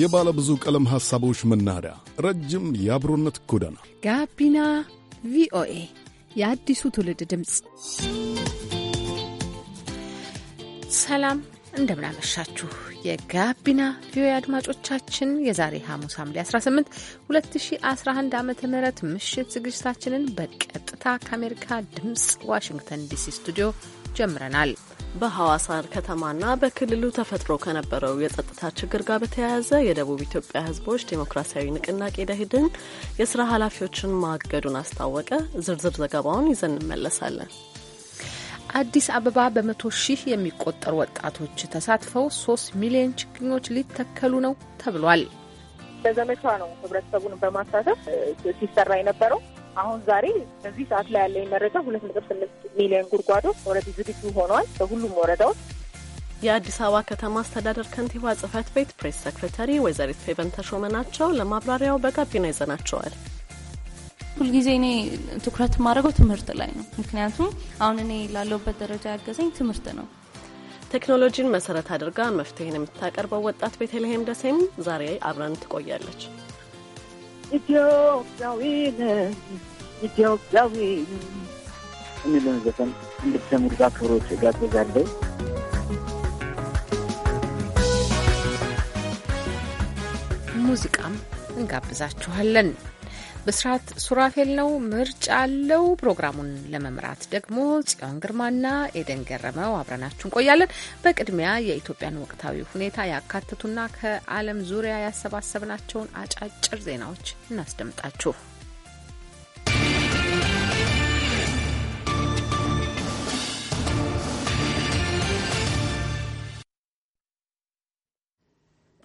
የባለ ብዙ ቀለም ሐሳቦች መናኸሪያ፣ ረጅም የአብሮነት ጎዳና፣ ጋቢና ቪኦኤ፣ የአዲሱ ትውልድ ድምፅ። ሰላም እንደምናመሻችሁ የጋቢና ቪኦኤ አድማጮቻችን የዛሬ ሐሙስ ሐምሌ 18 2011 ዓ ም ምሽት ዝግጅታችንን በቀጥታ ከአሜሪካ ድምፅ ዋሽንግተን ዲሲ ስቱዲዮ ጀምረናል። በሐዋሳ ከተማና በክልሉ ተፈጥሮ ከነበረው የጸጥታ ችግር ጋር በተያያዘ የደቡብ ኢትዮጵያ ሕዝቦች ዴሞክራሲያዊ ንቅናቄ ደኢህዴን የስራ ኃላፊዎችን ማገዱን አስታወቀ። ዝርዝር ዘገባውን ይዘን እንመለሳለን። አዲስ አበባ በመቶ ሺህ የሚቆጠሩ ወጣቶች ተሳትፈው ሶስት ሚሊዮን ችግኞች ሊተከሉ ነው ተብሏል። በዘመቻ ነው ህብረተሰቡን በማሳተፍ ሲሰራ የነበረው አሁን ዛሬ በዚህ ሰዓት ላይ ያለኝ መረጃ ሁለት ነጥብ ስምንት ሚሊዮን ጉድጓዶ ወረዲ ዝግጁ ሆኗል በሁሉም ወረዳዎች። የአዲስ አበባ ከተማ አስተዳደር ከንቲባ ጽህፈት ቤት ፕሬስ ሰክሬታሪ ወይዘሪት ፌቨን ተሾመ ናቸው። ለማብራሪያው በጋቢና ይዘናቸዋል። ሁልጊዜ እኔ ትኩረት የማደርገው ትምህርት ላይ ነው። ምክንያቱም አሁን እኔ ላለውበት ደረጃ ያገዘኝ ትምህርት ነው። ቴክኖሎጂን መሰረት አድርጋ መፍትሄን የምታቀርበው ወጣት ቤተልሔም ደሴም ዛሬ አብረን ትቆያለች። ኢትዮጵያዊ ኢትዮጵያዊ የሚለውን ዘፈን እንድትሰሙት በአክብሮት ሙዚቃም እንጋብዛችኋለን። ብስራት ሱራፌል ነው ምርጫ አለው። ፕሮግራሙን ለመምራት ደግሞ ጽዮን ግርማና ኤደን ገረመው አብረናችሁ እንቆያለን። በቅድሚያ የኢትዮጵያን ወቅታዊ ሁኔታ ያካትቱና ከዓለም ዙሪያ ያሰባሰብናቸውን አጫጭር ዜናዎች እናስደምጣችሁ።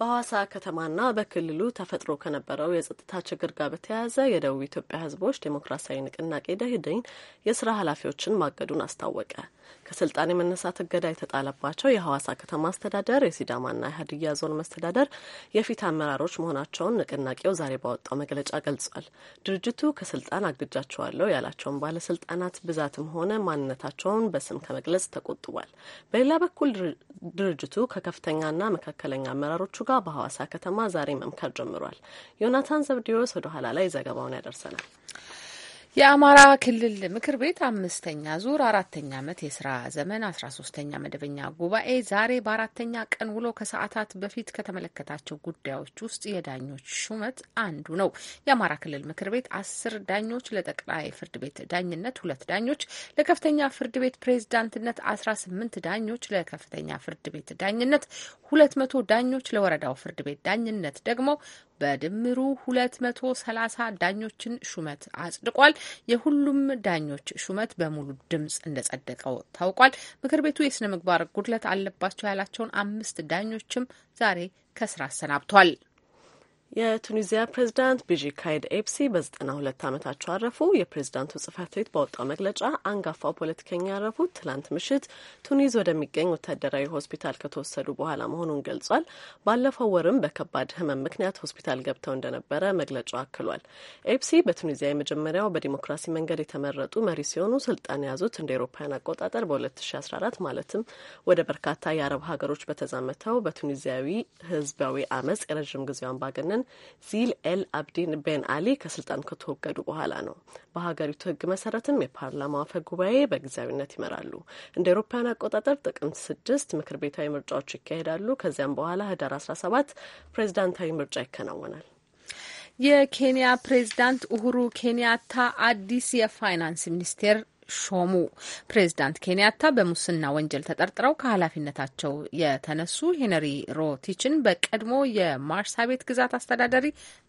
በሐዋሳ ከተማና በክልሉ ተፈጥሮ ከነበረው የጸጥታ ችግር ጋር በተያያዘ የደቡብ ኢትዮጵያ ህዝቦች ዴሞክራሲያዊ ንቅናቄ ደኢህዴን የስራ ኃላፊዎችን ማገዱን አስታወቀ። ከስልጣን የመነሳት እገዳ የተጣለባቸው የሐዋሳ ከተማ አስተዳደር፣ የሲዳማና የሀዲያ ዞን መስተዳደር የፊት አመራሮች መሆናቸውን ንቅናቄው ዛሬ ባወጣው መግለጫ ገልጿል። ድርጅቱ ከስልጣን አግጃቸዋለሁ ያላቸውን ባለስልጣናት ብዛትም ሆነ ማንነታቸውን በስም ከመግለጽ ተቆጥቧል። በሌላ በኩል ድርጅቱ ከከፍተኛና መካከለኛ አመራሮቹ ጋር በሐዋሳ ከተማ ዛሬ መምከር ጀምሯል። ዮናታን ዘብዲዮስ ወደ ኋላ ላይ ዘገባውን ያደርሰናል። የአማራ ክልል ምክር ቤት አምስተኛ ዙር አራተኛ ዓመት የስራ ዘመን አስራ ሶስተኛ መደበኛ ጉባኤ ዛሬ በአራተኛ ቀን ውሎ ከሰዓታት በፊት ከተመለከታቸው ጉዳዮች ውስጥ የዳኞች ሹመት አንዱ ነው። የአማራ ክልል ምክር ቤት አስር ዳኞች ለጠቅላይ ፍርድ ቤት ዳኝነት፣ ሁለት ዳኞች ለከፍተኛ ፍርድ ቤት ፕሬዝዳንትነት፣ አስራ ስምንት ዳኞች ለከፍተኛ ፍርድ ቤት ዳኝነት፣ ሁለት መቶ ዳኞች ለወረዳው ፍርድ ቤት ዳኝነት ደግሞ በድምሩ 230 ዳኞችን ሹመት አጽድቋል። የሁሉም ዳኞች ሹመት በሙሉ ድምጽ እንደጸደቀው ታውቋል። ምክር ቤቱ የስነ ምግባር ጉድለት አለባቸው ያላቸውን አምስት ዳኞችም ዛሬ ከስራ አሰናብቷል። የቱኒዚያ ፕሬዝዳንት ቢጂ ካይድ ኤፕሲ በዘጠና ሁለት ዓመታቸው አረፉ። የፕሬዝዳንቱ ጽህፈት ቤት በወጣው መግለጫ አንጋፋው ፖለቲከኛ ያረፉት ትላንት ምሽት ቱኒዝ ወደሚገኝ ወታደራዊ ሆስፒታል ከተወሰዱ በኋላ መሆኑን ገልጿል። ባለፈው ወርም በከባድ ህመም ምክንያት ሆስፒታል ገብተው እንደነበረ መግለጫው አክሏል። ኤፕሲ በቱኒዚያ የመጀመሪያው በዲሞክራሲ መንገድ የተመረጡ መሪ ሲሆኑ ስልጣን የያዙት እንደ ኤሮፓያን አቆጣጠር በ2014 ማለትም ወደ በርካታ የአረብ ሀገሮች በተዛመተው በቱኒዚያዊ ህዝባዊ አመፅ የረዥም ጊዜው አምባገነን ሱዳን ዚል ኤል አብዲን ቤን አሊ ከስልጣን ከተወገዱ በኋላ ነው። በሀገሪቱ ህግ መሰረትም የፓርላማው አፈ ጉባኤ በጊዜያዊነት ይመራሉ። እንደ ኤሮፓውያን አቆጣጠር ጥቅምት ስድስት ምክር ቤታዊ ምርጫዎች ይካሄዳሉ። ከዚያም በኋላ ህዳር አስራ ሰባት ፕሬዚዳንታዊ ምርጫ ይከናወናል። የኬንያ ፕሬዝዳንት ኡሁሩ ኬንያታ አዲስ የፋይናንስ ሚኒስቴር ሾሙ። ፕሬዚዳንት ኬንያታ በሙስና ወንጀል ተጠርጥረው ከኃላፊነታቸው የተነሱ ሄነሪ ሮቲችን በቀድሞ የማርሳ ቤት ግዛት አስተዳዳሪ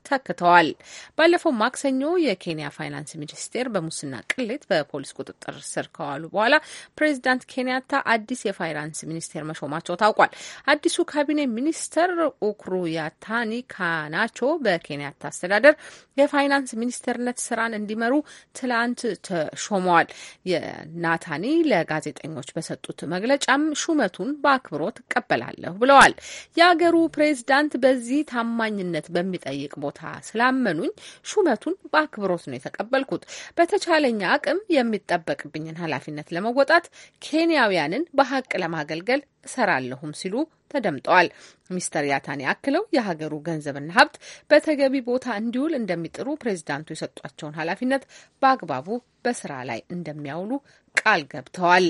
ተክተዋል። ባለፈው ማክሰኞ የኬንያ ፋይናንስ ሚኒስቴር በሙስና ቅሌት በፖሊስ ቁጥጥር ስር ከዋሉ በኋላ ፕሬዚዳንት ኬንያታ አዲስ የፋይናንስ ሚኒስቴር መሾማቸው ታውቋል። አዲሱ ካቢኔ ሚኒስተር ኡክሩ ያታኒ ካናቾ በኬንያታ አስተዳደር የፋይናንስ ሚኒስቴርነት ስራን እንዲመሩ ትላንት ተሾመዋል። የናታኒ ለጋዜጠኞች በሰጡት መግለጫም ሹመቱን በአክብሮት እቀበላለሁ ብለዋል። የአገሩ ፕሬዝዳንት በዚህ ታማኝነት በሚጠይቅ ቦታ ስላመኑኝ ሹመቱን በአክብሮት ነው የተቀበልኩት። በተቻለኛ አቅም የሚጠበቅብኝን ኃላፊነት ለመወጣት ኬንያውያንን በሀቅ ለማገልገል እሰራለሁም ሲሉ ተደምጠዋል። ሚስተር ያታኒ አክለው የሀገሩ ገንዘብና ሀብት በተገቢ ቦታ እንዲውል እንደሚጥሩ ፕሬዚዳንቱ የሰጧቸውን ኃላፊነት በአግባቡ በስራ ላይ እንደሚያውሉ ቃል ገብተዋል።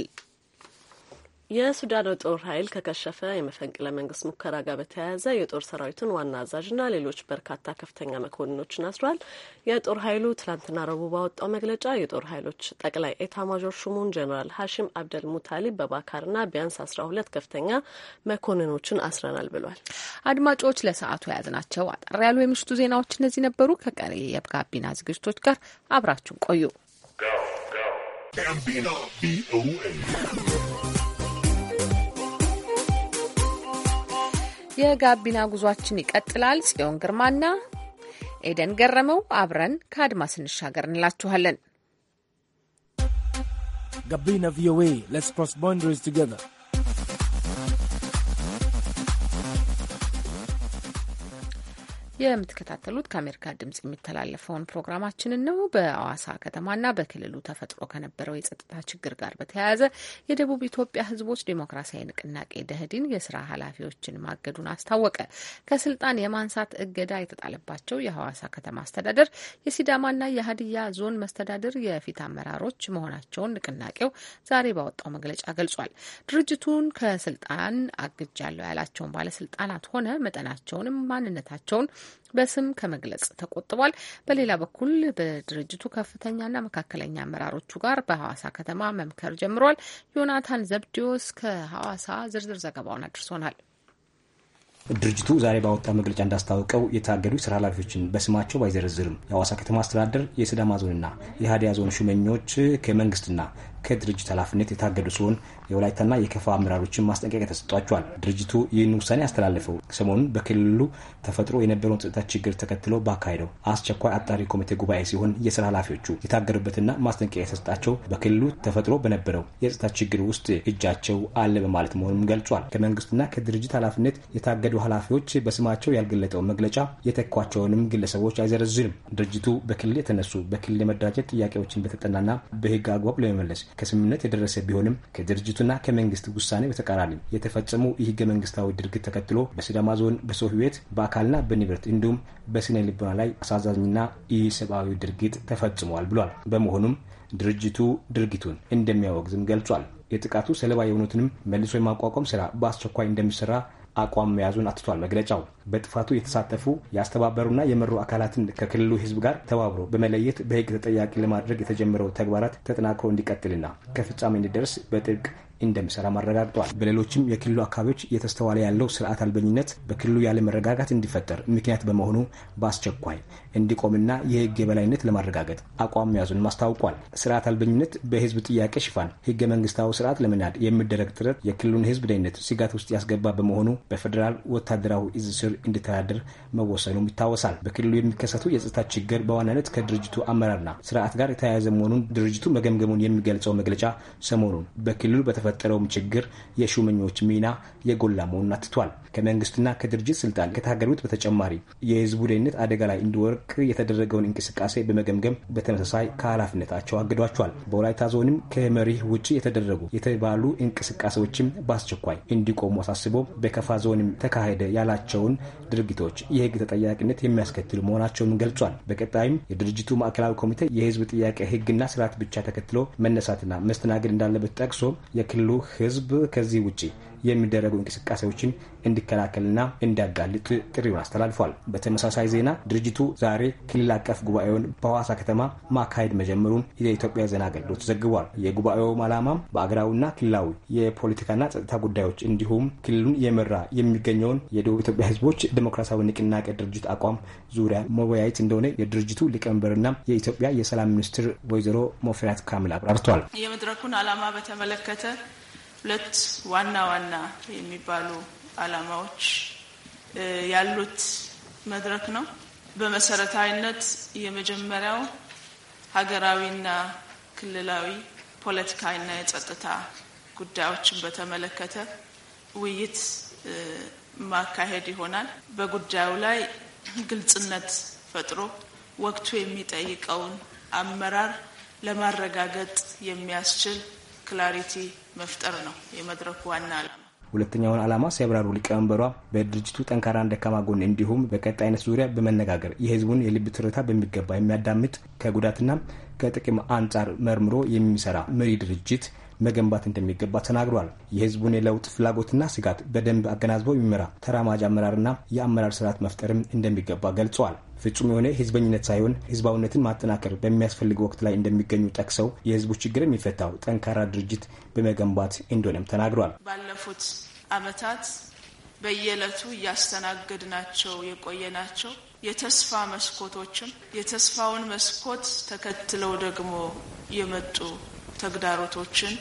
የሱዳኑ ጦር ኃይል ከከሸፈ የመፈንቅለ መንግስት ሙከራ ጋር በተያያዘ የጦር ሰራዊቱን ዋና አዛዥና ሌሎች በርካታ ከፍተኛ መኮንኖችን አስሯል። የጦር ኃይሉ ትላንትና ረቡዕ ባወጣው መግለጫ የጦር ኃይሎች ጠቅላይ ኤታ ማዦር ሹሙን ጀኔራል ሀሽም አብደል ሙታሊብ በባካርና ቢያንስ አስራ ሁለት ከፍተኛ መኮንኖችን አስረናል ብሏል። አድማጮች ለሰዓቱ የያዝናቸው አጠር ያሉ የምሽቱ ዜናዎች እነዚህ ነበሩ። ከቀሪ የጋቢና ዝግጅቶች ጋር አብራችሁን ቆዩ። የጋቢና ጉዟችን ይቀጥላል። ጽዮን ግርማና ኤደን ገረመው አብረን ከአድማስ እንሻገር እንላችኋለን። ጋቢና ቪኦኤ ሌትስ ክሮስ ባውንደሪስ ቱጌዘር የምትከታተሉት ከአሜሪካ ድምጽ የሚተላለፈውን ፕሮግራማችንን ነው። በአዋሳ ከተማና በክልሉ ተፈጥሮ ከነበረው የጸጥታ ችግር ጋር በተያያዘ የደቡብ ኢትዮጵያ ሕዝቦች ዴሞክራሲያዊ ንቅናቄ ደህዲን የስራ ኃላፊዎችን ማገዱን አስታወቀ። ከስልጣን የማንሳት እገዳ የተጣለባቸው የሐዋሳ ከተማ አስተዳደር፣ የሲዳማና የሀዲያ ዞን መስተዳድር የፊት አመራሮች መሆናቸውን ንቅናቄው ዛሬ ባወጣው መግለጫ ገልጿል። ድርጅቱን ከስልጣን አግጃለሁ ያላቸውን ባለስልጣናት ሆነ መጠናቸውንም ማንነታቸውን በስም ከመግለጽ ተቆጥቧል። በሌላ በኩል በድርጅቱ ከፍተኛና መካከለኛ አመራሮቹ ጋር በሐዋሳ ከተማ መምከር ጀምሯል። ዮናታን ዘብዲዎስ ከሐዋሳ ዝርዝር ዘገባውን አድርሶናል። ድርጅቱ ዛሬ ባወጣ መግለጫ እንዳስታወቀው የታገዱ የስራ ኃላፊዎችን በስማቸው ባይዘረዝርም የሐዋሳ ከተማ አስተዳደር፣ የስዳማ ዞንና የሀዲያ ዞን ሹመኞች ከመንግስትና ከድርጅት ኃላፊነት የታገዱ ሲሆን የወላይታና የከፋ አመራሮችን ማስጠንቀቂያ ተሰጥቷቸዋል። ድርጅቱ ይህን ውሳኔ ያስተላለፈው ሰሞኑን በክልሉ ተፈጥሮ የነበረውን ጸጥታ ችግር ተከትሎ ባካሄደው አስቸኳይ አጣሪ ኮሚቴ ጉባኤ ሲሆን የስራ ኃላፊዎቹ የታገዱበትና ማስጠንቀቂያ የተሰጣቸው በክልሉ ተፈጥሮ በነበረው የጸጥታ ችግር ውስጥ እጃቸው አለ በማለት መሆኑን ገልጿል። ከመንግስትና ከድርጅት ኃላፊነት የታገዱ ኃላፊዎች በስማቸው ያልገለጠው መግለጫ የተኳቸውንም ግለሰቦች አይዘረዝንም። ድርጅቱ በክልል የተነሱ በክልል የመደራጀት ጥያቄዎችን በተጠናና በህግ አግባብ ለመመለስ ከስምምነት የደረሰ ቢሆንም ከድርጅቱ ከመብትና ከመንግስት ውሳኔ በተቃራኒ የተፈጸሙ የህገ መንግስታዊ ድርጊት ተከትሎ በሲዳማ ዞን በሰው ህይወት በአካልና በንብረት እንዲሁም በስነ ልቦና ላይ አሳዛኝና ይህ ሰብአዊ ድርጊት ተፈጽሟል ብሏል። በመሆኑም ድርጅቱ ድርጊቱን እንደሚያወግዝም ገልጿል። የጥቃቱ ሰለባ የሆኑትንም መልሶ የማቋቋም ስራ በአስቸኳይ እንደሚሰራ አቋም መያዙን አትቷል። መግለጫው በጥፋቱ የተሳተፉ ያስተባበሩና የመሩ አካላትን ከክልሉ ህዝብ ጋር ተባብሮ በመለየት በህግ ተጠያቂ ለማድረግ የተጀመረው ተግባራት ተጠናክሮ እንዲቀጥልና ከፍጻሜ እንዲደርስ በጥብቅ እንደሚሰራ አረጋግጧል። በሌሎችም የክልሉ አካባቢዎች እየተስተዋለ ያለው ስርዓት አልበኝነት በክልሉ ያለ መረጋጋት እንዲፈጠር ምክንያት በመሆኑ በአስቸኳይ እንዲቆምና የህግ የበላይነት ለማረጋገጥ አቋም መያዙንም አስታውቋል። ስርዓት አልበኝነት በህዝብ ጥያቄ ሽፋን ህገ መንግስታዊ ስርዓት ለመናድ የሚደረግ ጥረት የክልሉን ህዝብ ደህንነት ስጋት ውስጥ ያስገባ በመሆኑ በፌዴራል ወታደራዊ እዝ ስር እንዲተዳደር መወሰኑም ይታወሳል። በክልሉ የሚከሰቱ የጸጥታ ችግር በዋናነት ከድርጅቱ አመራርና ስርዓት ጋር የተያያዘ መሆኑን ድርጅቱ መገምገሙን የሚገልጸው መግለጫ ሰሞኑን በክልሉ በተፈጠረውም ችግር የሹመኞች ሚና የጎላ መሆኑን አትቷል። ከመንግስትና ከድርጅት ስልጣን ከታገዱት በተጨማሪ የህዝቡ ደህንነት አደጋ ላይ እንዲወርቅ እንዲያርቅ የተደረገውን እንቅስቃሴ በመገምገም በተመሳሳይ ከኃላፊነታቸው አግዷቸዋል። በወላይታ ዞንም ከመሪህ ውጭ የተደረጉ የተባሉ እንቅስቃሴዎችም በአስቸኳይ እንዲቆሙ አሳስቦ በከፋ ዞንም ተካሄደ ያላቸውን ድርጊቶች የህግ ተጠያቂነት የሚያስከትሉ መሆናቸውን ገልጿል። በቀጣይም የድርጅቱ ማዕከላዊ ኮሚቴ የህዝብ ጥያቄ ህግና ስርዓት ብቻ ተከትሎ መነሳትና መስተናገድ እንዳለበት ጠቅሶ የክልሉ ህዝብ ከዚህ ውጭ የሚደረጉ እንቅስቃሴዎችን እንዲከላከልና እንዲያጋልጥ ጥሪውን አስተላልፏል። በተመሳሳይ ዜና ድርጅቱ ዛሬ ክልል አቀፍ ጉባኤውን በሐዋሳ ከተማ ማካሄድ መጀመሩን የኢትዮጵያ ዜና አገልግሎት ዘግቧል። የጉባኤውም ዓላማም በአገራዊና ክልላዊ የፖለቲካና ጸጥታ ጉዳዮች እንዲሁም ክልሉን የመራ የሚገኘውን የደቡብ ኢትዮጵያ ሕዝቦች ዴሞክራሲያዊ ንቅናቄ ድርጅት አቋም ዙሪያ መወያየት እንደሆነ የድርጅቱ ሊቀመንበርና የኢትዮጵያ የሰላም ሚኒስትር ወይዘሮ ሞፍሪያት ካሚል አብራርቷል። የመድረኩን ዓላማ በተመለከተ ሁለት ዋና ዋና የሚባሉ ዓላማዎች ያሉት መድረክ ነው። በመሰረታዊነት የመጀመሪያው ሀገራዊና ክልላዊ ፖለቲካዊና የጸጥታ ጉዳዮችን በተመለከተ ውይይት ማካሄድ ይሆናል። በጉዳዩ ላይ ግልጽነት ፈጥሮ ወቅቱ የሚጠይቀውን አመራር ለማረጋገጥ የሚያስችል ክላሪቲ መፍጠር ነው የመድረኩ ዋና ዓላማ። ሁለተኛውን ዓላማ ሲያብራሩ ሊቀመንበሯ በድርጅቱ ጠንካራ ደካማ ጎን እንዲሁም በቀጣይነት ዙሪያ በመነጋገር የህዝቡን የልብ ትርታ በሚገባ የሚያዳምጥ ከጉዳትና ከጥቅም አንጻር መርምሮ የሚሰራ መሪ ድርጅት መገንባት እንደሚገባ ተናግሯል። የህዝቡን የለውጥ ፍላጎትና ስጋት በደንብ አገናዝበው የሚመራ ተራማጅ አመራርና የአመራር ስርዓት መፍጠርም እንደሚገባ ገልጿል። ፍጹም የሆነ ህዝበኝነት ሳይሆን ህዝባዊነትን ማጠናከር በሚያስፈልግ ወቅት ላይ እንደሚገኙ ጠቅሰው የህዝቡ ችግር የሚፈታው ጠንካራ ድርጅት በመገንባት እንደሆነም ተናግሯል። ባለፉት አመታት በየዕለቱ የቆየ የቆየናቸው የተስፋ መስኮቶችም የተስፋውን መስኮት ተከትለው ደግሞ የመጡ ተግዳሮቶችን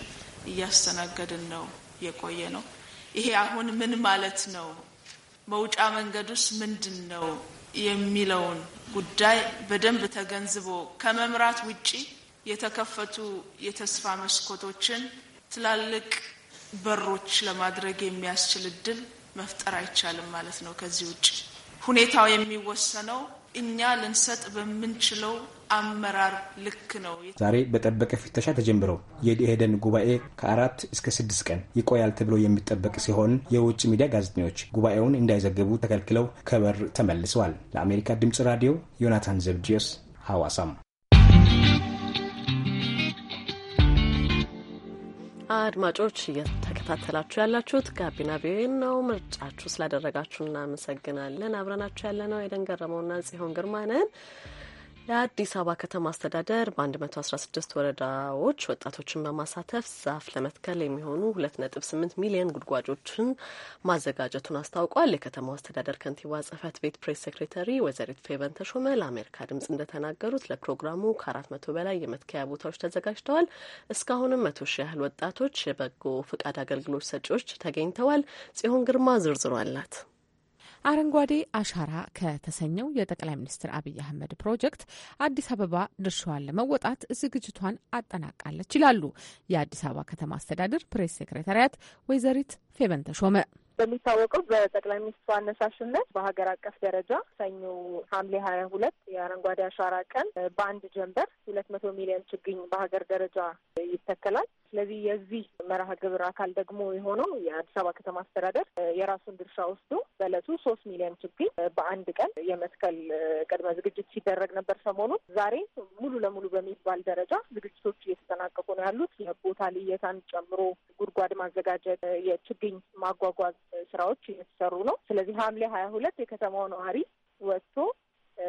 እያስተናገድን ነው የቆየ ነው። ይሄ አሁን ምን ማለት ነው፣ መውጫ መንገዱስ ምንድን ነው የሚለውን ጉዳይ በደንብ ተገንዝቦ ከመምራት ውጪ የተከፈቱ የተስፋ መስኮቶችን ትላልቅ በሮች ለማድረግ የሚያስችል እድል መፍጠር አይቻልም ማለት ነው። ከዚህ ውጭ ሁኔታው የሚወሰነው እኛ ልንሰጥ በምንችለው አመራር ልክ ነው። ዛሬ በጠበቀ ፍተሻ ተጀምረው የድሄደን ጉባኤ ከአራት እስከ ስድስት ቀን ይቆያል ተብሎ የሚጠበቅ ሲሆን የውጭ ሚዲያ ጋዜጠኞች ጉባኤውን እንዳይዘግቡ ተከልክለው ከበር ተመልሰዋል። ለአሜሪካ ድምፅ ራዲዮ ዮናታን ዘብድዮስ ሐዋሳም። አድማጮች እየተከታተላችሁ ያላችሁት ጋቢና ቪኦኤ ነው። ምርጫችሁ ስላደረጋችሁ እናመሰግናለን። አብረናችሁ ያለነው የደን ገረመውና ጽዮን ግርማ ነን። የአዲስ አበባ ከተማ አስተዳደር በ116 ወረዳዎች ወጣቶችን በማሳተፍ ዛፍ ለመትከል የሚሆኑ 2.8 ሚሊዮን ጉድጓጆችን ማዘጋጀቱን አስታውቋል። የከተማው አስተዳደር ከንቲባ ጽህፈት ቤት ፕሬስ ሴክሬታሪ ወይዘሪት ፌቨን ተሾመ ለአሜሪካ ድምጽ እንደተናገሩት ለፕሮግራሙ ከ መቶ በላይ የመትከያ ቦታዎች ተዘጋጅተዋል። እስካሁንም መቶ ሺህ ያህል ወጣቶች የበጎ ፍቃድ አገልግሎት ሰጪዎች ተገኝተዋል። ጽዮን ግርማ ዝርዝሩ አላት። አረንጓዴ አሻራ ከተሰኘው የጠቅላይ ሚኒስትር አብይ አህመድ ፕሮጀክት አዲስ አበባ ድርሻዋን ለመወጣት ዝግጅቷን አጠናቃለች ይላሉ የአዲስ አበባ ከተማ አስተዳደር ፕሬስ ሴክሬታሪያት ወይዘሪት ፌበን ተሾመ። በሚታወቀው በጠቅላይ ሚኒስትሩ አነሳሽነት በሀገር አቀፍ ደረጃ ሰኞ ሐምሌ ሀያ ሁለት የአረንጓዴ አሻራ ቀን በአንድ ጀንበር ሁለት መቶ ሚሊዮን ችግኝ በሀገር ደረጃ ይተከላል። ስለዚህ የዚህ መርሃ ግብር አካል ደግሞ የሆነው የአዲስ አበባ ከተማ አስተዳደር የራሱን ድርሻ ወስዶ በእለቱ ሶስት ሚሊዮን ችግኝ በአንድ ቀን የመትከል ቅድመ ዝግጅት ሲደረግ ነበር። ሰሞኑ ዛሬ ሙሉ ለሙሉ በሚባል ደረጃ ዝግጅቶች እየተጠናቀቁ ነው ያሉት። የቦታ ልየታን ጨምሮ ጉድጓድ ማዘጋጀት፣ የችግኝ ማጓጓዝ ስራዎች እየተሰሩ ነው። ስለዚህ ሐምሌ ሀያ ሁለት የከተማው ነዋሪ ወጥቶ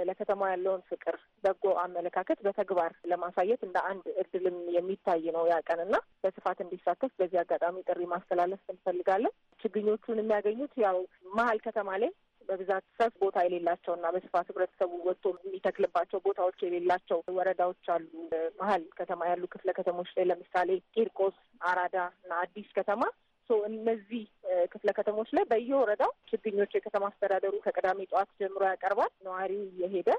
ለከተማ ያለውን ፍቅር፣ በጎ አመለካከት በተግባር ለማሳየት እንደ አንድ እድልም የሚታይ ነው ያ ቀንና በስፋት እንዲሳተፍ በዚህ አጋጣሚ ጥሪ ማስተላለፍ እንፈልጋለን። ችግኞቹን የሚያገኙት ያው መሀል ከተማ ላይ በብዛት ሰፍ ቦታ የሌላቸው እና በስፋት ህብረተሰቡ ወጥቶ የሚተክልባቸው ቦታዎች የሌላቸው ወረዳዎች አሉ። መሀል ከተማ ያሉ ክፍለ ከተሞች ላይ ለምሳሌ ቂርቆስ፣ አራዳ እና አዲስ ከተማ እነዚህ ክፍለ ከተሞች ላይ በየወረዳው ችግኞች የከተማ አስተዳደሩ ከቅዳሜ ጠዋት ጀምሮ ያቀርባል። ነዋሪው እየሄደ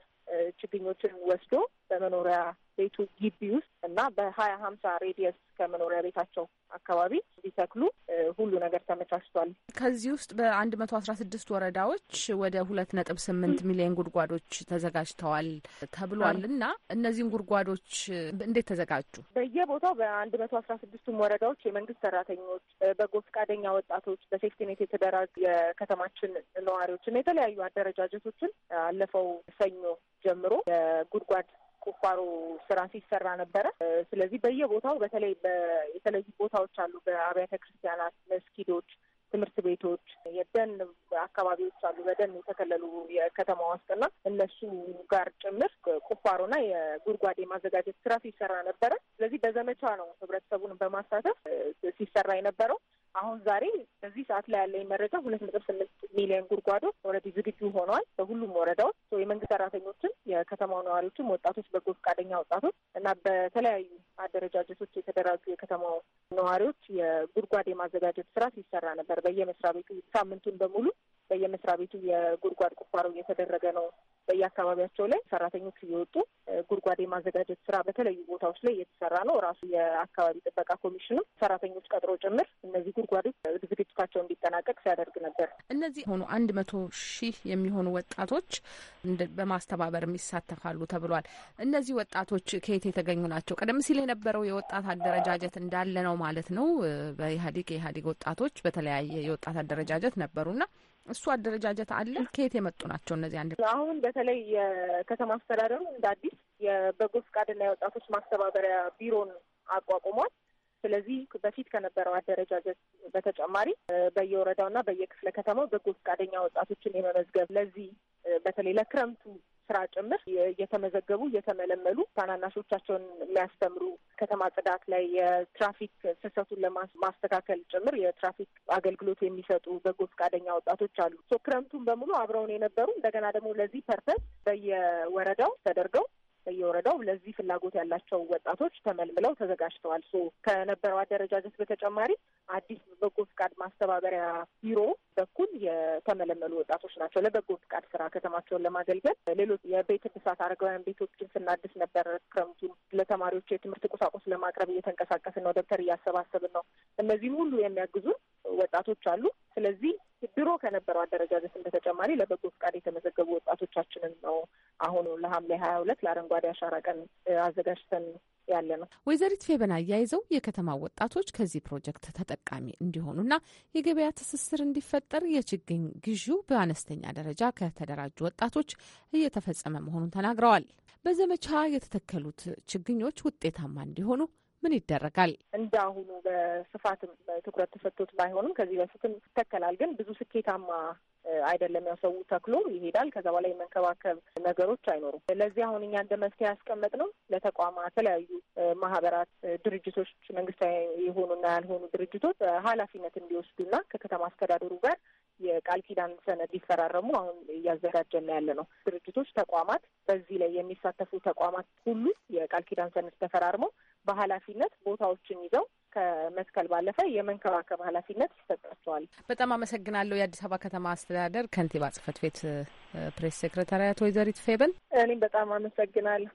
ችግኞችን ወስዶ በመኖሪያ ቤቱ ግቢ ውስጥ እና በሀያ ሀምሳ ሬዲየስ ከመኖሪያ ቤታቸው አካባቢ ቢተክሉ ሁሉ ነገር ተመቻችቷል። ከዚህ ውስጥ በአንድ መቶ አስራ ስድስት ወረዳዎች ወደ ሁለት ነጥብ ስምንት ሚሊዮን ጉድጓዶች ተዘጋጅተዋል ተብሏል እና እነዚህን ጉድጓዶች እንዴት ተዘጋጁ? በየቦታው በአንድ መቶ አስራ ስድስቱም ወረዳዎች የመንግስት ሰራተኞች፣ በጎ ፈቃደኛ ወጣቶች፣ በሴፍቲኔት የተደራጁ የከተማችን ነዋሪዎች እና የተለያዩ አደረጃጀቶችን አለፈው ሰኞ ጀምሮ የጉድጓድ ቁፋሮ ስራ ሲሰራ ነበረ። ስለዚህ በየቦታው በተለይ የተለዩ ቦታዎች አሉ። በአብያተ ክርስቲያናት፣ መስጊዶች፣ ትምህርት ቤቶች፣ የደን አካባቢዎች አሉ። በደን የተከለሉ የከተማ ውስጥና እነሱ ጋር ጭምር ቁፋሮና የጉድጓድ የማዘጋጀት ስራ ሲሰራ ነበረ። ስለዚህ በዘመቻ ነው ህብረተሰቡን በማሳተፍ ሲሰራ የነበረው። አሁን ዛሬ በዚህ ሰዓት ላይ ያለኝ መረጃ ሁለት ነጥብ ስምንት ሚሊዮን ጉድጓዶ ኦልሬዲ ዝግጁ ሆነዋል በሁሉም ወረዳዎች። የመንግስት ሰራተኞችን፣ የከተማው ነዋሪዎችም፣ ወጣቶች፣ በጎ ፈቃደኛ ወጣቶች እና በተለያዩ አደረጃጀቶች የተደራጁ የከተማው ነዋሪዎች የጉድጓድ የማዘጋጀት ስራ ሲሰራ ነበር። በየመስሪያ ቤቱ ሳምንቱን በሙሉ በየመስሪያ ቤቱ የጉድጓድ ቁፋሮ እየተደረገ ነው። በየአካባቢያቸው ላይ ሰራተኞች እየወጡ ጉድጓድ የማዘጋጀት ስራ በተለዩ ቦታዎች ላይ እየተሰራ ነው። ራሱ የአካባቢ ጥበቃ ኮሚሽንም ሰራተኞች ቀጥሮ ጭምር እነዚህ ጉድጓዶች ዝግጅታቸው እንዲጠናቀቅ ሲያደርግ ነበር። እነዚህ ሆኑ አንድ መቶ ሺህ የሚሆኑ ወጣቶች በማስተባበርም ይሳተፋሉ ተብሏል። እነዚህ ወጣቶች ከየት የተገኙ ናቸው? ቀደም ሲል የነበረው የወጣት አደረጃጀት እንዳለ ነው ማለት ነው። በኢህአዴግ የኢህአዴግ ወጣቶች በተለያየ የወጣት አደረጃጀት ነበሩና እሱ አደረጃጀት አለ። ከየት የመጡ ናቸው እነዚህ? አንድ አሁን በተለይ የከተማ አስተዳደሩ እንደ አዲስ የበጎ ፍቃድና የወጣቶች ማስተባበሪያ ቢሮን አቋቁሟል። ስለዚህ በፊት ከነበረው አደረጃጀት በተጨማሪ በየወረዳውና በየክፍለ ከተማው በጎ ፈቃደኛ ወጣቶችን የመመዝገብ ለዚህ በተለይ ለክረምቱ ስራ ጭምር እየተመዘገቡ እየተመለመሉ ታናናሾቻቸውን የሚያስተምሩ ከተማ ጽዳት ላይ የትራፊክ ፍሰቱን ለማስተካከል ጭምር የትራፊክ አገልግሎት የሚሰጡ በጎ ፈቃደኛ ወጣቶች አሉ። ክረምቱን በሙሉ አብረውን የነበሩ እንደገና ደግሞ ለዚህ ፐርፐስ በየወረዳው ተደርገው በየወረዳው ለዚህ ፍላጎት ያላቸው ወጣቶች ተመልምለው ተዘጋጅተዋል። ሶ ከነበረው አደረጃጀት በተጨማሪ አዲስ በጎ ፍቃድ ማስተባበሪያ ቢሮ በኩል የተመለመሉ ወጣቶች ናቸው ለበጎ ፍቃድ ስራ ከተማቸውን ለማገልገል። ሌሎች የቤት እድሳት አረጋውያን ቤቶችን ስናድስ ነበር። ክረምቱን ለተማሪዎች የትምህርት ቁሳቁስ ለማቅረብ እየተንቀሳቀስን ነው። ደብተር እያሰባሰብን ነው። እነዚህም ሁሉ የሚያግዙን ወጣቶች አሉ። ስለዚህ ድሮ ከነበረው አደረጃጀት በተጨማሪ ለበጎ ፍቃድ የተመዘገቡ ወጣቶቻችንን ነው አሁኑ ለሐምሌ ሀያ ሁለት ለአረንጓዴ አሻራ ቀን አዘጋጅተን ያለ ነው። ወይዘሪት ፌበን አያይዘው የከተማ ወጣቶች ከዚህ ፕሮጀክት ተጠቃሚ እንዲሆኑና የገበያ ትስስር እንዲፈጠር የችግኝ ግዢው በአነስተኛ ደረጃ ከተደራጁ ወጣቶች እየተፈጸመ መሆኑን ተናግረዋል። በዘመቻ የተተከሉት ችግኞች ውጤታማ እንዲሆኑ ምን ይደረጋል? እንደ አሁኑ በስፋትም ትኩረት ተሰጥቶት ባይሆንም ከዚህ በፊትም ይተከላል፣ ግን ብዙ ስኬታማ አይደለም። ያው ሰው ተክሎ ይሄዳል። ከዛ በላይ የመንከባከብ ነገሮች አይኖሩም። ለዚህ አሁን እኛ እንደ መፍትሄ ያስቀመጥ ነው ለተቋማ የተለያዩ ማህበራት፣ ድርጅቶች፣ መንግስታዊ የሆኑና ያልሆኑ ድርጅቶች ኃላፊነት እንዲወስዱና ከከተማ አስተዳደሩ ጋር የቃል ኪዳን ሰነድ ሊፈራረሙ አሁን እያዘጋጀን ያለ ነው። ድርጅቶች፣ ተቋማት በዚህ ላይ የሚሳተፉ ተቋማት ሁሉ የቃል ኪዳን ሰነድ ተፈራርመው በኃላፊነት ቦታዎችን ይዘው ከመትከል ባለፈ የመንከባከብ ኃላፊነት ይሰጣቸዋል። በጣም አመሰግናለሁ። የአዲስ አበባ ከተማ አስተዳደር ከንቲባ ጽህፈት ቤት ፕሬስ ሴክሬታሪያት ወይዘሪት ፌበን፣ እኔም በጣም አመሰግናለሁ።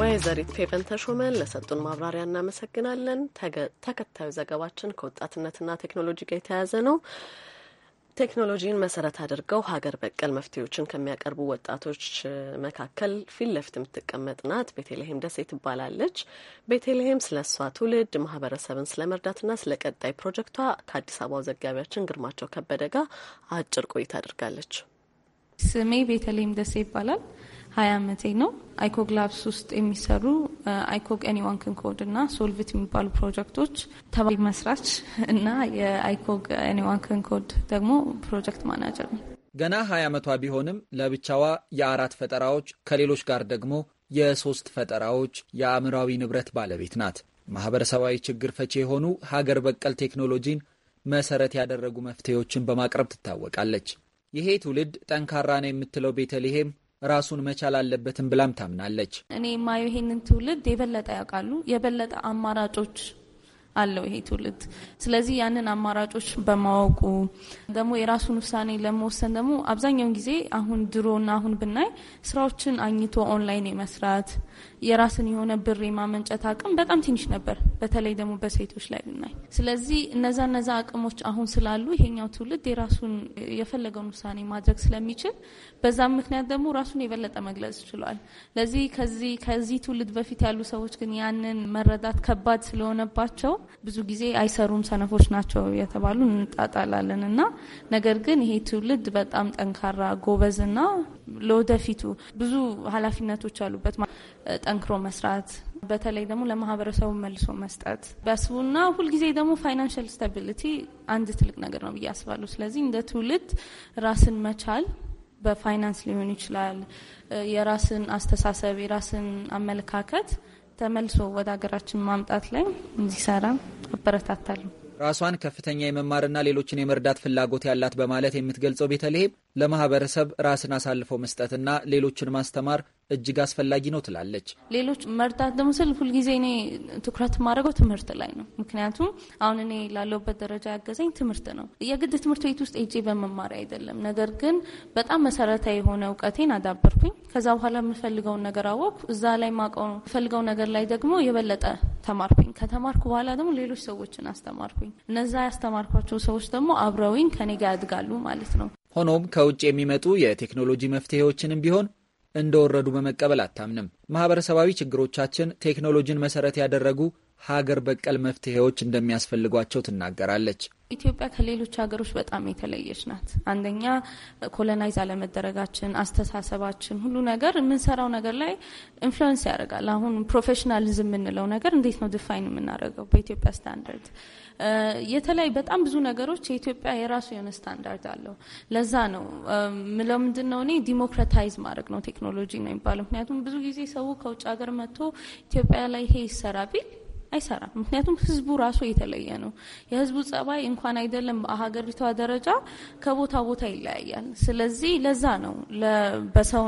ወይዘሪት ፌቨን ተሾመን ለሰጡን ማብራሪያ እናመሰግናለን። ተከታዩ ዘገባችን ከወጣትነትና ቴክኖሎጂ ጋር የተያያዘ ነው። ቴክኖሎጂን መሰረት አድርገው ሀገር በቀል መፍትሄዎችን ከሚያቀርቡ ወጣቶች መካከል ፊት ለፊት የምትቀመጥ ናት። ቤተልሔም ደሴ ትባላለች። ቤተልሔም ስለ እሷ ትውልድ፣ ማህበረሰብን ስለ መርዳትና ስለ ቀጣይ ፕሮጀክቷ ከአዲስ አበባው ዘጋቢያችን ግርማቸው ከበደ ጋር አጭር ቆይታ አድርጋለች። ስሜ ቤተልሔም ደሴ ይባላል። ሀያ አመቴ ነው። አይኮግ ላብስ ውስጥ የሚሰሩ አይኮግ ኤኒዋን ክን ኮድ እና ሶልቪት የሚባሉ ፕሮጀክቶች ተባ መስራች እና የአይኮግ ኤኒዋን ክን ኮድ ደግሞ ፕሮጀክት ማናጀር ነው። ገና ሀያ አመቷ ቢሆንም ለብቻዋ የአራት ፈጠራዎች ከሌሎች ጋር ደግሞ የሶስት ፈጠራዎች የአእምራዊ ንብረት ባለቤት ናት። ማህበረሰባዊ ችግር ፈቺ የሆኑ ሀገር በቀል ቴክኖሎጂን መሰረት ያደረጉ መፍትሄዎችን በማቅረብ ትታወቃለች። ይሄ ትውልድ ጠንካራ ነው የምትለው ቤተልሔም ራሱን መቻል አለበትም ብላም ታምናለች። እኔ የማየው ይሄንን ትውልድ የበለጠ ያውቃሉ፣ የበለጠ አማራጮች አለው ይሄ ትውልድ። ስለዚህ ያንን አማራጮች በማወቁ ደግሞ የራሱን ውሳኔ ለመወሰን ደግሞ አብዛኛውን ጊዜ አሁን ድሮና አሁን ብናይ ስራዎችን አኝቶ ኦንላይን የመስራት የራስን የሆነ ብር የማመንጨት አቅም በጣም ትንሽ ነበር፣ በተለይ ደግሞ በሴቶች ላይ ብናይ። ስለዚህ እነዛ እነዛ አቅሞች አሁን ስላሉ ይሄኛው ትውልድ የራሱን የፈለገውን ውሳኔ ማድረግ ስለሚችል በዛም ምክንያት ደግሞ ራሱን የበለጠ መግለጽ ችሏል። ለዚህ ከዚህ ከዚህ ትውልድ በፊት ያሉ ሰዎች ግን ያንን መረዳት ከባድ ስለሆነባቸው ብዙ ጊዜ አይሰሩም፣ ሰነፎች ናቸው የተባሉ እንጣጣላለን እና ነገር ግን ይሄ ትውልድ በጣም ጠንካራ ጎበዝና ለወደፊቱ ብዙ ኃላፊነቶች አሉበት። ጠንክሮ መስራት፣ በተለይ ደግሞ ለማህበረሰቡ መልሶ መስጠት በስቡና ሁልጊዜ ደግሞ ፋይናንሽል ስታቢሊቲ አንድ ትልቅ ነገር ነው ብዬ አስባለሁ። ስለዚህ እንደ ትውልድ ራስን መቻል በፋይናንስ ሊሆን ይችላል። የራስን አስተሳሰብ፣ የራስን አመለካከት ተመልሶ ወደ ሀገራችን ማምጣት ላይ እንዲሰራ አበረታታለሁ። ራሷን ከፍተኛ የመማርና ሌሎችን የመርዳት ፍላጎት ያላት በማለት የምትገልጸው ቤተልሔም ለማህበረሰብ ራስን አሳልፈው መስጠትና ሌሎችን ማስተማር እጅግ አስፈላጊ ነው ትላለች። ሌሎች መርዳት ደግሞ ስል ሁልጊዜ እኔ ትኩረት የማደርገው ትምህርት ላይ ነው። ምክንያቱም አሁን እኔ ላለውበት ደረጃ ያገዘኝ ትምህርት ነው። የግድ ትምህርት ቤት ውስጥ ሄጄ በመማር አይደለም፣ ነገር ግን በጣም መሰረታዊ የሆነ እውቀቴን አዳበርኩኝ። ከዛ በኋላ የምፈልገውን ነገር አወቅኩ። እዛ ላይ ማውቀው የምፈልገው ነገር ላይ ደግሞ የበለጠ ተማርኩኝ። ከተማርኩ በኋላ ደግሞ ሌሎች ሰዎችን አስተማርኩኝ። እነዛ ያስተማርኳቸው ሰዎች ደግሞ አብረውኝ ከኔ ጋር ያድጋሉ ማለት ነው። ሆኖም ከውጭ የሚመጡ የቴክኖሎጂ መፍትሄዎችንም ቢሆን እንደወረዱ በመቀበል አታምንም። ማህበረሰባዊ ችግሮቻችን ቴክኖሎጂን መሰረት ያደረጉ ሀገር በቀል መፍትሄዎች እንደሚያስፈልጓቸው ትናገራለች። ኢትዮጵያ ከሌሎች ሀገሮች በጣም የተለየች ናት። አንደኛ ኮሎናይዝ አለመደረጋችን፣ አስተሳሰባችን፣ ሁሉ ነገር የምንሰራው ነገር ላይ ኢንፍሉዌንስ ያደርጋል። አሁን ፕሮፌሽናሊዝም የምንለው ነገር እንዴት ነው ዲፋይን የምናደርገው በኢትዮጵያ ስታንዳርድ የተለያዩ በጣም ብዙ ነገሮች የኢትዮጵያ የራሱ የሆነ ስታንዳርድ አለው። ለዛ ነው ምለው ምንድን ነው እኔ ዲሞክራታይዝ ማድረግ ነው ቴክኖሎጂ ነው የሚባለው። ምክንያቱም ብዙ ጊዜ ሰው ከውጭ ሀገር መጥቶ ኢትዮጵያ ላይ ይሄ ይሰራ ቢል አይሰራም። ምክንያቱም ህዝቡ ራሱ የተለየ ነው። የህዝቡ ጸባይ እንኳን አይደለም በሀገሪቷ ደረጃ ከቦታ ቦታ ይለያያል። ስለዚህ ለዛ ነው በሰው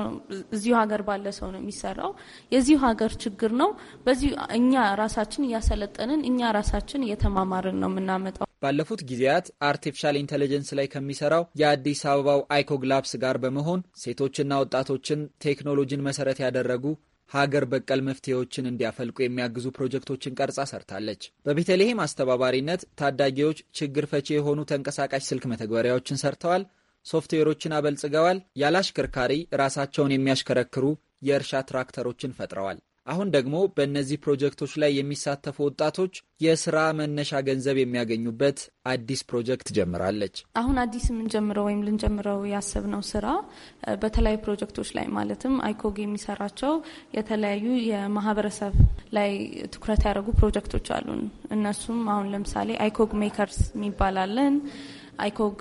እዚሁ ሀገር ባለ ሰው ነው የሚሰራው። የዚሁ ሀገር ችግር ነው። በዚሁ እኛ ራሳችን እያሰለጠንን እኛ ራሳችን እየተማማርን ነው የምናመጣው። ባለፉት ጊዜያት አርቲፊሻል ኢንቴሊጀንስ ላይ ከሚሰራው የአዲስ አበባው አይኮግላፕስ ጋር በመሆን ሴቶችና ወጣቶችን ቴክኖሎጂን መሰረት ያደረጉ ሀገር በቀል መፍትሄዎችን እንዲያፈልቁ የሚያግዙ ፕሮጀክቶችን ቀርጻ ሰርታለች። በቤተልሔም አስተባባሪነት ታዳጊዎች ችግር ፈቺ የሆኑ ተንቀሳቃሽ ስልክ መተግበሪያዎችን ሰርተዋል፣ ሶፍትዌሮችን አበልጽገዋል፣ ያለ አሽከርካሪ ራሳቸውን የሚያሽከረክሩ የእርሻ ትራክተሮችን ፈጥረዋል። አሁን ደግሞ በእነዚህ ፕሮጀክቶች ላይ የሚሳተፉ ወጣቶች የስራ መነሻ ገንዘብ የሚያገኙበት አዲስ ፕሮጀክት ጀምራለች። አሁን አዲስ የምንጀምረው ወይም ልንጀምረው ያሰብነው ስራ በተለያዩ ፕሮጀክቶች ላይ ማለትም አይኮግ የሚሰራቸው የተለያዩ የማህበረሰብ ላይ ትኩረት ያደረጉ ፕሮጀክቶች አሉን። እነሱም አሁን ለምሳሌ አይኮግ ሜከርስ የሚባላለን አይኮግ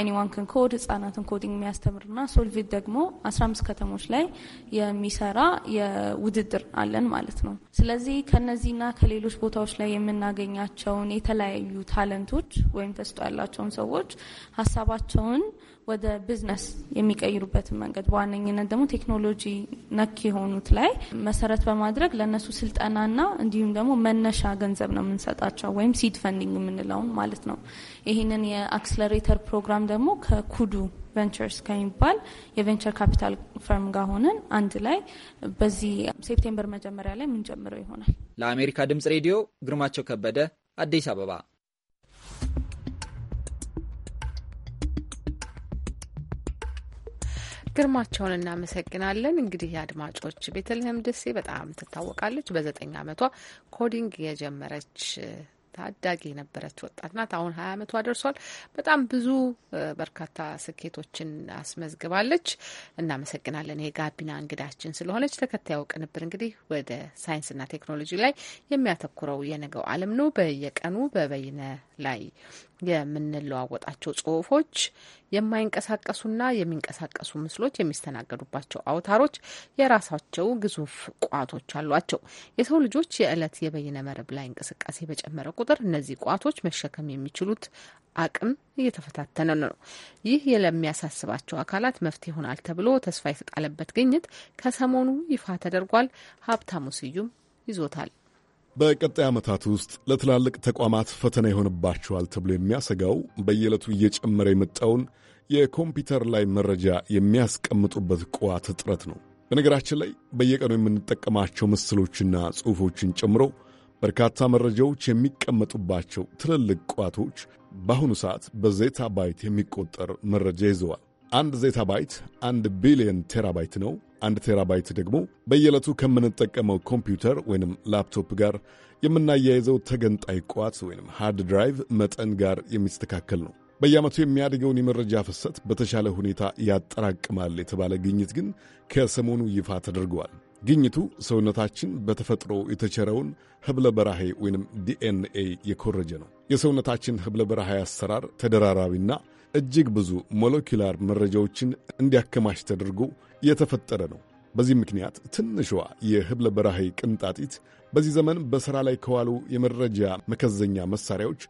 ኤኒዋንክን ኮድ ህጻናትን ኮዲንግ የሚያስተምርና ሶልቪት ደግሞ አምስት ከተሞች ላይ የሚሰራ የውድድር አለን ማለት ነው። ስለዚህ ከነዚህና ከሌሎች ቦታዎች ላይ የምናገኛቸውን የተለያዩ ታለንቶች ወይም ተስጦ ያላቸውን ሰዎች ሀሳባቸውን ወደ ቢዝነስ የሚቀይሩበትን መንገድ በዋነኝነት ደግሞ ቴክኖሎጂ ነክ የሆኑት ላይ መሰረት በማድረግ ለእነሱ ስልጠናና እንዲሁም ደግሞ መነሻ ገንዘብ ነው የምንሰጣቸው ወይም ሲድ ፈንዲንግ የምንለውን ማለት ነው። ይህንን የአክስለሬተር ፕሮግራም ደግሞ ከኩዱ ቬንቸርስ ከሚባል የቬንቸር ካፒታል ፈርም ጋር ሆነን አንድ ላይ በዚህ ሴፕቴምበር መጀመሪያ ላይ የምንጀምረው ይሆናል። ለአሜሪካ ድምጽ ሬዲዮ ግርማቸው ከበደ አዲስ አበባ ግርማቸውን እናመሰግናለን። እንግዲህ የአድማጮች ቤተልሔም ደሴ በጣም ትታወቃለች። በዘጠኝ ዓመቷ ኮዲንግ የጀመረች ታዳጊ የነበረች ወጣት ናት። አሁን ሀያ ዓመቷ ደርሷል። በጣም ብዙ በርካታ ስኬቶችን አስመዝግባለች። እናመሰግናለን የጋቢና እንግዳችን ስለሆነች። ተከታዩ ቅንብር እንግዲህ ወደ ሳይንስና ቴክኖሎጂ ላይ የሚያተኩረው የነገው ዓለም ነው። በየቀኑ በበይነ ላይ የምንለዋወጣቸው ጽሁፎች የማይንቀሳቀሱና የሚንቀሳቀሱ ምስሎች የሚስተናገዱባቸው አውታሮች የራሳቸው ግዙፍ ቋቶች አሏቸው። የሰው ልጆች የዕለት የበይነ መረብ ላይ እንቅስቃሴ በጨመረ ቁጥር እነዚህ ቋቶች መሸከም የሚችሉት አቅም እየተፈታተነ ነው። ይህ ለሚያሳስባቸው አካላት መፍትሄ ይሆናል ተብሎ ተስፋ የተጣለበት ግኝት ከሰሞኑ ይፋ ተደርጓል። ሀብታሙ ስዩም ይዞታል። በቀጣይ ዓመታት ውስጥ ለትላልቅ ተቋማት ፈተና ይሆንባቸዋል ተብሎ የሚያሰጋው በየዕለቱ እየጨመረ የመጣውን የኮምፒውተር ላይ መረጃ የሚያስቀምጡበት ቋት እጥረት ነው። በነገራችን ላይ በየቀኑ የምንጠቀማቸው ምስሎችና ጽሑፎችን ጨምሮ በርካታ መረጃዎች የሚቀመጡባቸው ትልልቅ ቋቶች በአሁኑ ሰዓት በዜታ ባይት የሚቆጠር መረጃ ይዘዋል። አንድ ዜታባይት አንድ ቢሊዮን ቴራባይት ነው። አንድ ቴራባይት ደግሞ በየዕለቱ ከምንጠቀመው ኮምፒውተር ወይንም ላፕቶፕ ጋር የምናያይዘው ተገንጣይ ቋት ወይም ሃርድ ድራይቭ መጠን ጋር የሚስተካከል ነው። በየዓመቱ የሚያድገውን የመረጃ ፍሰት በተሻለ ሁኔታ ያጠራቅማል የተባለ ግኝት ግን ከሰሞኑ ይፋ ተደርገዋል። ግኝቱ ሰውነታችን በተፈጥሮ የተቸረውን ህብለ በራሄ ወይንም ዲኤንኤ የኮረጀ ነው። የሰውነታችን ህብለ በራሄ አሰራር ተደራራቢና እጅግ ብዙ ሞለኪላር መረጃዎችን እንዲያከማች ተደርጎ የተፈጠረ ነው። በዚህ ምክንያት ትንሿ የህብለ በራሄ ቅንጣጢት በዚህ ዘመን በሥራ ላይ ከዋሉ የመረጃ መከዘኛ መሳሪያዎች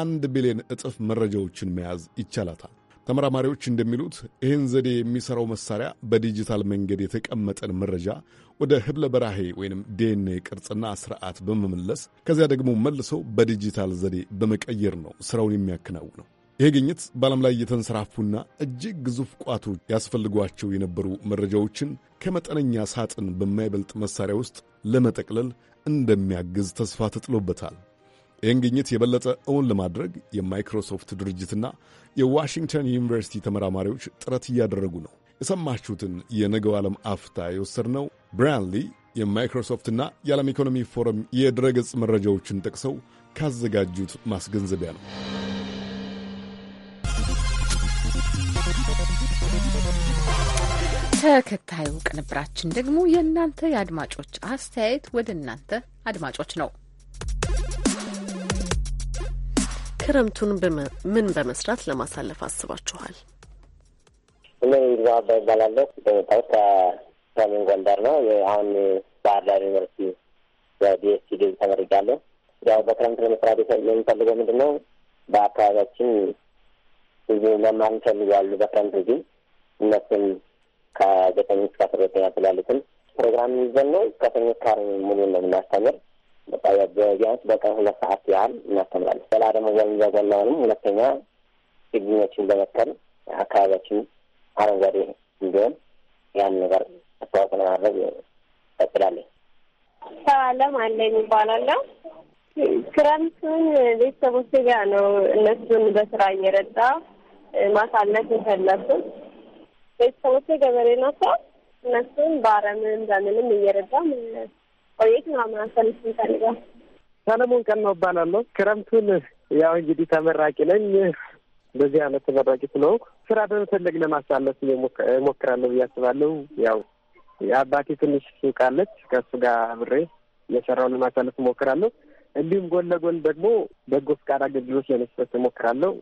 አንድ ቢሊዮን እጥፍ መረጃዎችን መያዝ ይቻላታል። ተመራማሪዎች እንደሚሉት ይህን ዘዴ የሚሠራው መሳሪያ በዲጂታል መንገድ የተቀመጠን መረጃ ወደ ህብለ በራሄ ወይም ዲኤንኤ ቅርጽና ስርዓት በመመለስ ከዚያ ደግሞ መልሶ በዲጂታል ዘዴ በመቀየር ነው ሥራውን የሚያከናውነው። ይህ ግኝት በዓለም ላይ የተንሰራፉና እጅግ ግዙፍ ቋቶች ያስፈልጓቸው የነበሩ መረጃዎችን ከመጠነኛ ሳጥን በማይበልጥ መሳሪያ ውስጥ ለመጠቅለል እንደሚያግዝ ተስፋ ተጥሎበታል። ይህን ግኝት የበለጠ እውን ለማድረግ የማይክሮሶፍት ድርጅትና የዋሽንግተን ዩኒቨርሲቲ ተመራማሪዎች ጥረት እያደረጉ ነው። የሰማችሁትን የነገው ዓለም አፍታ የወሰድነው ብራያን ሊ የማይክሮሶፍትና የዓለም ኢኮኖሚ ፎረም የድረገጽ መረጃዎችን ጠቅሰው ካዘጋጁት ማስገንዘቢያ ነው። ተከታዩ ቅንብራችን ደግሞ የእናንተ የአድማጮች አስተያየት ወደ እናንተ አድማጮች ነው። ክረምቱን ምን በመስራት ለማሳለፍ አስባችኋል? እኔ ይዛ ይባላለሁ። የመጣሁት ከሰሜን ጎንደር ነው። አሁን ባህር ዳር ዩኒቨርሲቲ በዲኤስሲ ዲግሪ ተመርቄያለሁ። ያው በክረምት ለመስራት የሚፈልገው ምንድን ነው? በአካባቢያችን ብዙ መማር እንፈልጋሉ። በክረምት ግን እነሱም ከዘጠኝ እስከ አስራ ሁለተኛ ክፍል ፕሮግራም ይዘን ነው እስከ ሰኞ ካር ሙሉን ነው የምናስተምር። በቃ ቢያንስ በቀን ሁለት ሰዓት ያህል እናስተምራለን። ሌላ ደግሞ ጎን ለጎን ሁለተኛ ችግኞችን በመትከል አካባቢያችን አረንጓዴ እንዲሆን ያን ነገር አስተዋጽኦ ለማድረግ እቀጥላለሁ። ሰላም አለኝ ይባላለሁ። ክረምቱን ቤተሰቦች ጋር ነው እነሱን በስራ እየረዳ ማሳለፍ የፈለኩት ቤተሰቦቼ ገበሬ ናቸው። እነሱም በአረምም በምንም እየረዳም ቆየት ነው አሳልፍ እንፈልጋል። ሰለሞን ቀን ነው እባላለሁ። ክረምቱን ያው እንግዲህ ተመራቂ ነኝ። በዚህ አመት ተመራቂ ስለሆንኩ ስራ በመፈለግ ለማሳለፍ እሞክራለሁ ብዬ አስባለሁ። ያው የአባቴ ትንሽ ሱቅ አለች። ከእሱ ጋር አብሬ የሰራውን ለማሳለፍ እሞክራለሁ። እንዲሁም ጎን ለጎን ደግሞ በጎ ፈቃድ አገልግሎት ለመስጠት እሞክራለሁ።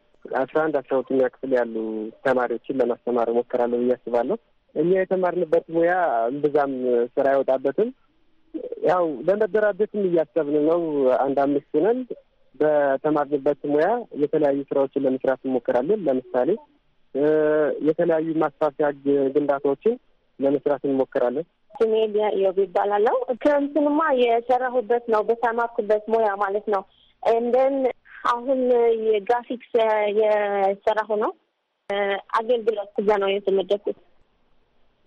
አስራ አንድ አስራ ሁለተኛ ክፍል ያሉ ተማሪዎችን ለማስተማር እሞክራለሁ ብዬ አስባለሁ። እኛ የተማርንበት ሙያ ብዛም ስራ አይወጣበትም። ያው ለመደራጀትም እያሰብን ነው። አንድ አምስት ነን። በተማርንበት ሙያ የተለያዩ ስራዎችን ለመስራት እንሞክራለን። ለምሳሌ የተለያዩ ማስፋፊያ ግንባታዎችን ለመስራት እንሞክራለን። ስሜ ኢዮብ ይባላለው። ክረምትንማ የሰራሁበት ነው በተማርኩበት ሙያ ማለት ነው እንደን አሁን የግራፊክስ የሰራሁ ነው። አገልግሎት እዛ ነው የተመደኩት።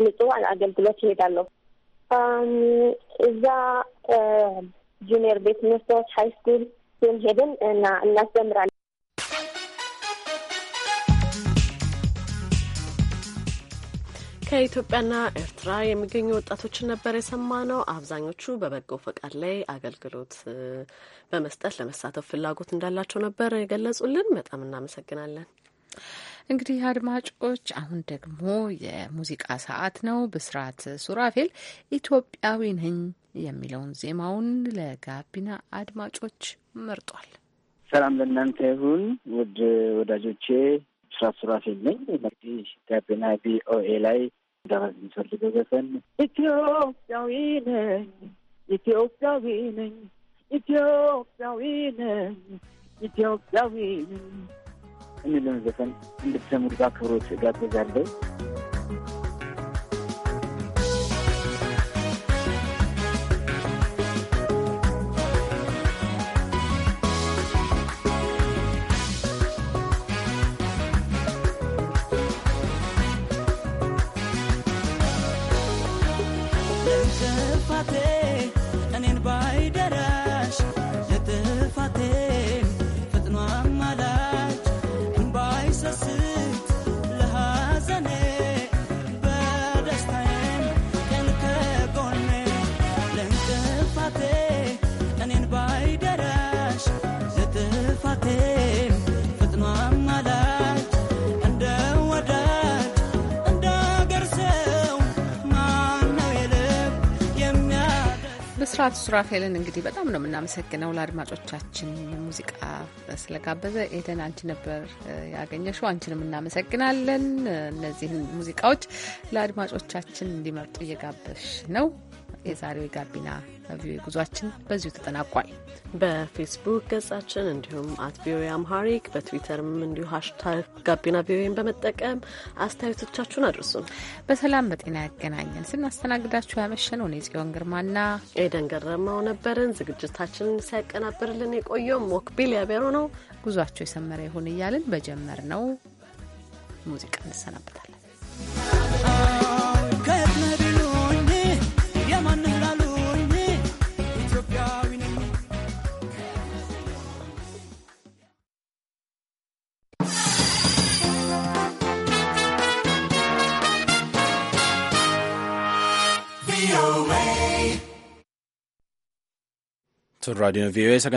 ምጽዋ አገልግሎት ይሄዳለሁ። እዛ ጁኒየር ቤት ትምህርቶች፣ ሀይ ስኩል ሄደን እና እናስተምራለን። ከኢትዮጵያና ኤርትራ የሚገኙ ወጣቶችን ነበር የሰማ ነው። አብዛኞቹ በበጎ ፈቃድ ላይ አገልግሎት በመስጠት ለመሳተፍ ፍላጎት እንዳላቸው ነበር የገለጹልን። በጣም እናመሰግናለን። እንግዲህ አድማጮች፣ አሁን ደግሞ የሙዚቃ ሰዓት ነው። ብስራት ሱራፌል ኢትዮጵያዊ ነኝ የሚለውን ዜማውን ለጋቢና አድማጮች መርጧል። ሰላም ለእናንተ ይሁን ውድ ወዳጆቼ፣ ብስራት ሱራፌል ነኝ። ጋቢና ቪኦኤ ላይ ማስተላለፍ የሚፈልገው ዘፈን ኢትዮጵያዊ ነኝ ኢትዮጵያዊ ነኝ ኢትዮጵያዊ ነኝ ኢትዮጵያዊ ነኝ የሚለውን ዘፈን እንድትሰሙት በአክብሮት ጋብዛለሁ። ኤፍራት ሱራፌልን እንግዲህ በጣም ነው የምናመሰግነው ለአድማጮቻችን ሙዚቃ ስለጋበዘ። ኤደን አንቺ ነበር ያገኘሽው፣ አንቺንም እናመሰግናለን። እነዚህን ሙዚቃዎች ለአድማጮቻችን እንዲመርጡ እየጋበሽ ነው። የዛሬው የጋቢና ቪኦኤ ጉዟችን በዚሁ ተጠናቋል። በፌስቡክ ገጻችን እንዲሁም አት ቪኦኤ አምሃሪክ በትዊተርም እንዲሁ ሀሽታግ ጋቢና ቪኦኤን በመጠቀም አስተያየቶቻችሁን አድርሱን። በሰላም በጤና ያገናኘን። ስናስተናግዳችሁ ያመሸን እኔ ጽዮን ግርማና ኤደን ገረማው ነበርን። ዝግጅታችንን ሲያቀናብርልን የቆየው ሞክቢል ያቤሮ ነው። ጉዟቸው የሰመረ ይሁን እያልን በጀመር ነው ሙዚቃ እንሰናበታለን። Sun raadiyoon